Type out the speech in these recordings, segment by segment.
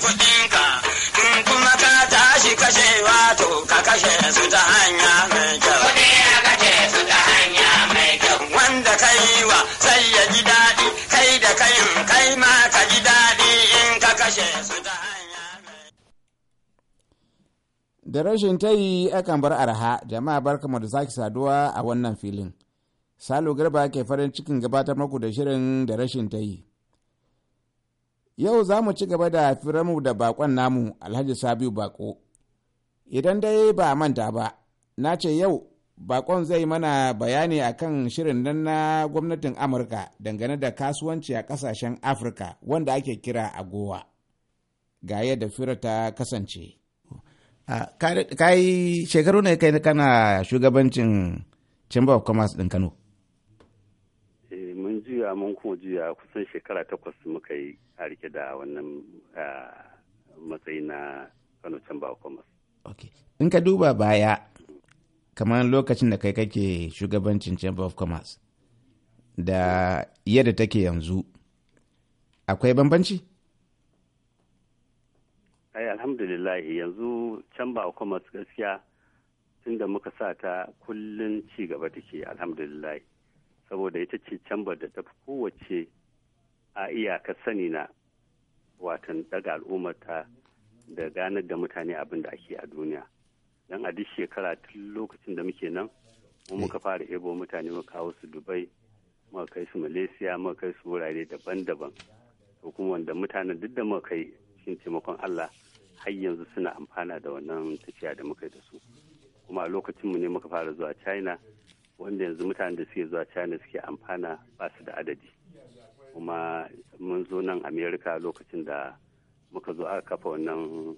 sami in kuma ka tashi kashe wato ka kashe su ta hanya mai kyau. su ta hanya mai kyau. Wanda ka yi wa sai ya ji daɗi kai da kayin kai ma ka ji daɗi in ka kashe su ta hanya mai Da rashin tayi akan bar arha jama'a barkamu da sake saduwa a wannan filin. Salo Garba ke farin cikin gabatar muku da shirin da rashin tayi. Yau za mu ci gaba da firamu da bakon namu Alhaji Sabiu Bako. Idan dai ba manta ba, na ce yau bakon zai mana bayani akan shirin nan na gwamnatin Amurka dangane da kasuwanci a kasashen Afirka wanda ake kira agowa. Ga yadda fira ta kasance. Kai shekaru ne kai kana shugabancin Chamber of Commerce ɗin Kano. jiya mun kuma jiya kusan shekara takwas muka yi a rike da wannan matsayi na Kano Chamber of Commerce. Okay. In ka duba baya kamar lokacin da kai kake shugabancin Chamber of Commerce da yadda take yanzu akwai bambanci? Ai alhamdulillah yanzu Chamber of Commerce gaskiya tunda muka sa ta kullun ci gaba take alhamdulillah. saboda ita ce cambar da ta fi kowace a iyaka sani na watan daga al'ummar ta da ganar da mutane abin da ake a duniya don a duk shekara tun lokacin da muke nan mu muka eh. fara ebo mutane mu kawo su dubai muka kai su malaysia muka kai su wurare daban-daban to kuma wanda mutanen duk da muka kai shin taimakon allah har yanzu suna amfana da wannan tafiya da muka yi da su kuma a lokacin mu ne muka fara zuwa china wanda yanzu mutanen da suke zuwa china suke amfana ba su da adadi kuma mun zo nan america lokacin da muka zo aka kafa wannan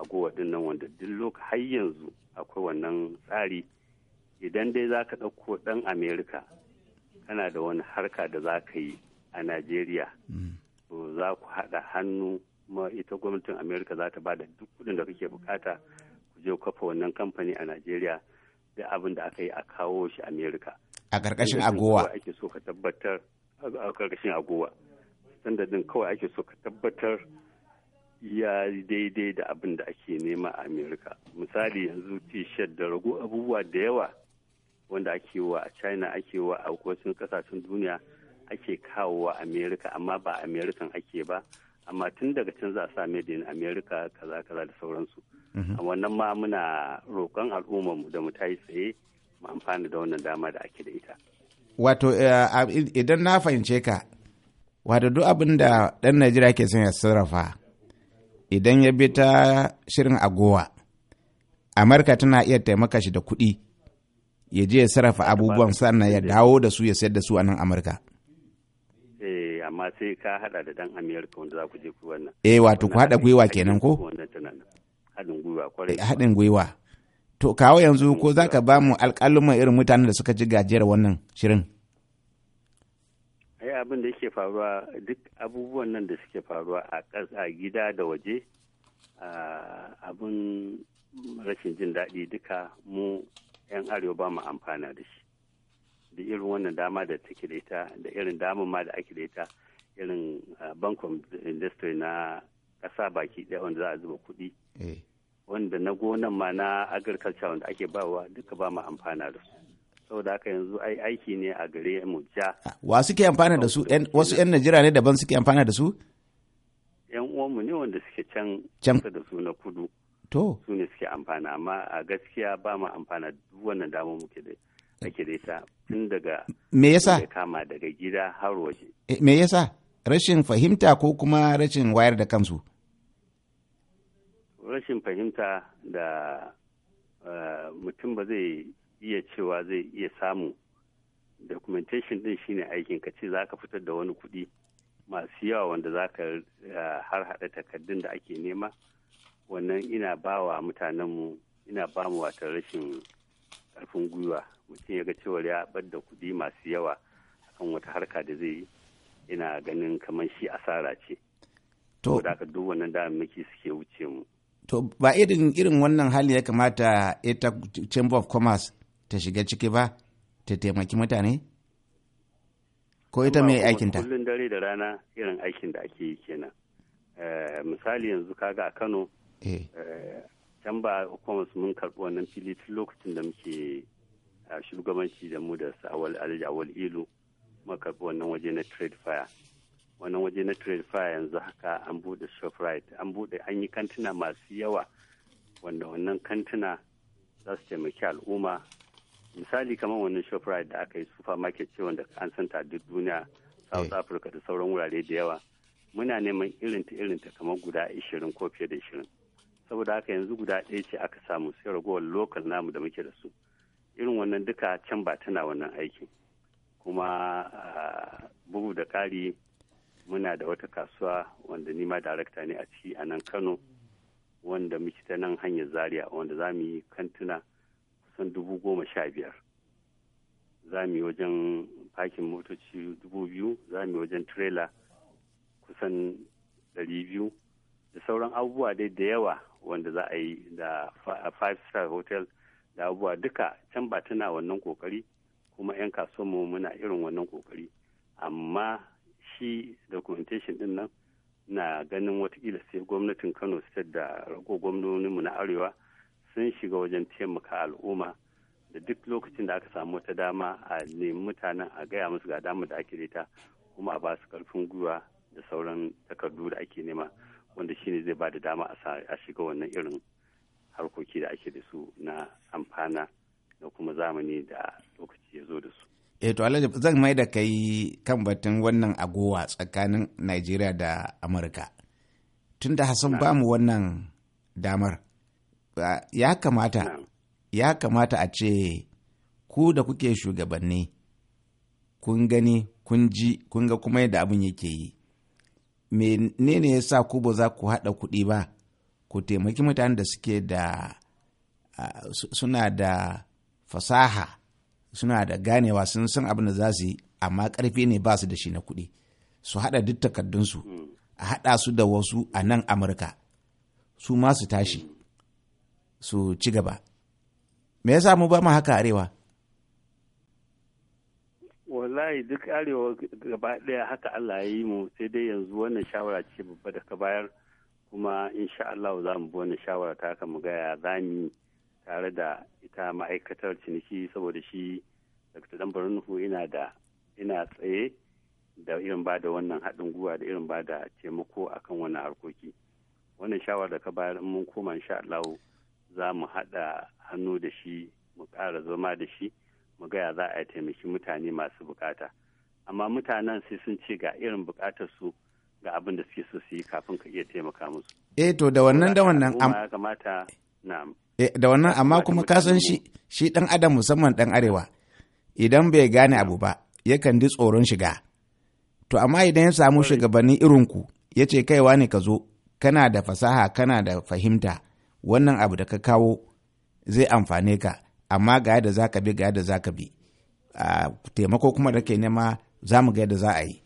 agowa din nan wanda duk lokacin har yanzu akwai wannan tsari idan dai za ka ɗauko ɗan america kana da wani harka da za ka yi a nigeria mm. to za ku haɗa hannu kuma ita gwamnatin america za ta ba da duk kuɗin da kake bukata ku je kafa wannan kamfani a nigeria. da abin da aka yi a kawo shi america a ƙarƙashin agowa ake so ka tabbatar a ƙarƙashin agowa kawai ake so ka tabbatar ya daidai da abin da ake nema a america misali yanzu t da rago abubuwa da yawa wanda ake wa a china ake wa a wasu kasashen duniya ake kawowa america amma ba american ake ba amma tun daga can za a sa made in america kaza kaza da sauransu Mhm. a wannan ma muna roƙon mu da mu tayi tsaye mu amfana da wannan dama da ake da ita wato eh, idan na fahimce ka wato duk abin da ɗan najeriya ke son ya sarrafa idan ya bi ta shirin agowa amurka tana iya taimaka shi da kuɗi ya je ya sarrafa abubuwan sannan ya dawo da su ya sayar da su a nan amurka eh, amma sai ka hada da dan amerika wanda za ku je ku wannan eh wato ku hada gwiwa kenan ko haɗin gwiwa haɗin gwiwa to kawo yanzu ko za ka ba mu alƙaluman irin mutanen da suka ji gajiyar wannan shirin ai abin da yake faruwa duk abubuwan nan da suke faruwa a gida da waje abin rashin jin daɗi duka mu 'yan arewa ba mu amfana da shi da irin wannan dama da take da ita da irin damar ma da ake da ita irin bank of industry na ƙasa baki ɗaya wanda za a zuba kuɗi eh. wanda na gonan ma na agriculture wanda ake bawa duka ba mu amfana da su saboda haka yanzu ai aiki ne a gare mu ja wa suke amfana da su wasu yan Najeriya ne daban suke amfana da su yan uwanmu ne wanda suke can can da su na kudu to su ne suke amfana amma a gaskiya ba mu amfana duk wannan damar muke da ake da ita tun daga me yasa kama daga gida har waje eh, me yasa rashin fahimta ko kuma rashin wayar da kansu rashin fahimta da eh, mutum ba zai iya cewa zai iya samu documentation din shine aikin ka ce za ka fitar da wani kuɗi masu yawa wanda za ka eh, har haɗa takardun da ake nema wannan ina ba wa mutanenmu ina ba mu wata rashin ƙarfin gwiwa mutum ya ga cewar ya bar da kuɗi masu yawa akan wata harka da zai yi ina ganin kamar shi asara ce. To. Da duk wannan da suke wuce mu. to ba irin irin wannan hali ya kamata ita chamber of commerce ta shiga ciki ba ta taimaki mutane ko ita mai aikin ta kullun dare da rana irin aikin da ake yi kenan eh, misali yanzu kaga a Kano eh. Eh, chamber of commerce mun karɓi wannan fili tun lokacin da muke shugabanci da mu da Sawal alhaji awal ilu muka karɓi wannan waje na trade fair wannan waje na trade fair yanzu haka an bude shoprite an bude an yi kantuna masu yawa wanda wannan kantuna za su taimaki al'umma misali kamar wannan shoprite da aka yi supermarket ce wanda an ta duk duniya south eh. africa da sauran wurare da yawa muna neman irinta irinta kamar guda ishirin ko fiye da ishirin saboda haka yanzu guda ɗaya ce aka samu sai ragowar local namu da muke da su irin wannan duka can ba tana wannan aiki kuma ah, bugu da ƙari muna da wata kasuwa wanda nima darakta ne a ciki a nan kano wanda muke ta nan hanyar zaria wanda za mu yi kantuna kusan dubu goma sha biyar za mu yi wajen fakin motoci dubu biyu za mu yi wajen trailer kusan dari biyu da sauran abubuwa dai da yawa wanda za a yi da five star hotel da abubuwa duka can ba tana wannan kokari kuma 'yan kasuwanmu muna irin wannan kokari amma shi documentation din nan na ganin watakila sai gwamnatin kano state da rago gwamnoninmu na arewa sun shiga wajen taimaka al'umma da duk lokacin da aka samu wata dama a nemi mutanen a gaya musu ga dama da ake da kuma a ba su karfin gwiwa da sauran takardu da ake nema wanda shine zai ba da dama a shiga wannan irin harkoki da ake da su na amfana da kuma zamani da lokaci ya zo da su eh to alhaji zan mai da kai kan batun wannan agowa tsakanin najeriya da amurka tunda da hassan ba mu wannan damar ya kamata ya kamata a ce ku da kuke shugabanni kun gani kun ji kun ga kuma yadda abin yake yi menene ya sa ku ba za ku haɗa kuɗi ba ku taimaki mutanen da suke da suna da fasaha suna da ganewa sun san abin da za su yi amma karfi ne ba su da shi na kuɗi su haɗa duk takardunsu a haɗa su da wasu a nan amurka su ma su tashi su ci gaba me yasa mu ba mu haka arewa wallahi duk arewa gaba ɗaya haka allah ya yi mu sai dai yanzu wannan shawara ce babba da ka bayar kuma insha Allah za mu bi wannan shawara ta haka mu gaya za mu tare da ita ma'aikatar ciniki saboda shi dr dan barnuhu ina da ina tsaye da irin ba da wannan haɗin gwiwa da irin ba da taimako kan wannan harkoki wannan shawar da ka bayar mun koma insha Allah za mu haɗa hannu da shi mu ƙara zama da shi mu gaya za a taimaki mutane masu bukata amma mutanen sai sun ce ga irin bukatar su ga abin da suke so su yi kafin ka iya taimaka musu eh to da wannan da wannan ya kamata na'am Eh, da wannan amma kuma ka san shi shi dan adam musamman dan arewa idan bai gane abu ba yakan ji tsoron shiga to amma idan ya samu shugabanni irin ku ya ce kaiwa ne ka zo kana da fasaha kana da fahimta wannan abu da ka kawo zai amfane ka amma ga yadda za ka bi ga yadda za ka bi a taimako kuma da ke nema za mu ga yadda za a yi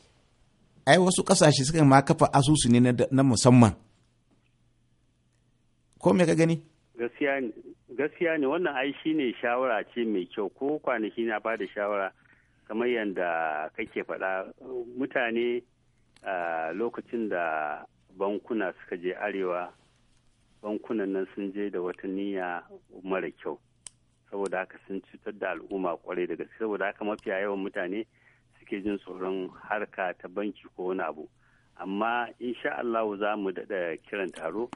ai wasu ƙasashe suka ma kafa asusu ne na musamman ko me ka gani gaskiya ne wannan ai ne shawara ce mai kyau ko kwanaki na ba da shawara kamar yadda kake faɗa mutane lokacin da bankuna suka je arewa bankunan nan sun je da wata niyya mara kyau saboda haka sun cutar da al'umma kwarai da gaske saboda haka mafiya yawan mutane suke jin tsoron harka ta banki ko wani abu amma insha Allah za mu daɗa kiran taro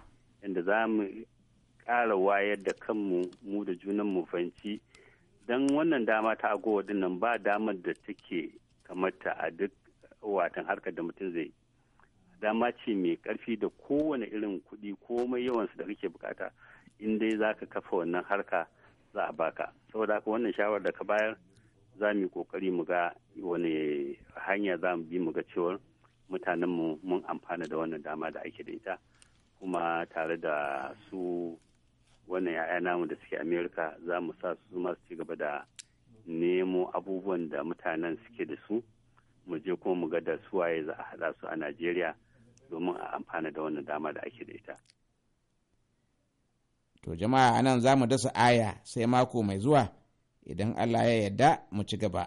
inda za mu ƙara wayar da kanmu mu da junan mu fanci don wannan dama ta agowa dinnan ba damar da take kamata a duk watan harkar da mutum zai dama ce mai ƙarfi da kowane irin kuɗi komai yawansu da kake bukata in dai za ka kafa wannan harka za a baka saboda haka wannan shawarar da ka bayar za mu yi ƙoƙari mu ga wani hanya za mu bi mu ga cewar mutanenmu mun amfana da wannan dama da ake da ita kuma tare da su wannan ya'ya namu da suke amerika za mu sa su masu ci gaba da nemo abubuwan da mutanen suke da su mu je kuma mu ga da suwaye za a haɗa su a najeriya domin a amfana da wannan dama da ake da ita to jama'a anan za mu dasa aya sai mako mai zuwa idan allah ya yarda mu ci gaba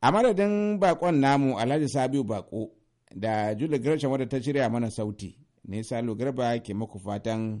a madadin bakon namu alhaji sabiu bako da juli gresham wadda ta shirya mana sauti ne salo garba ke muku fatan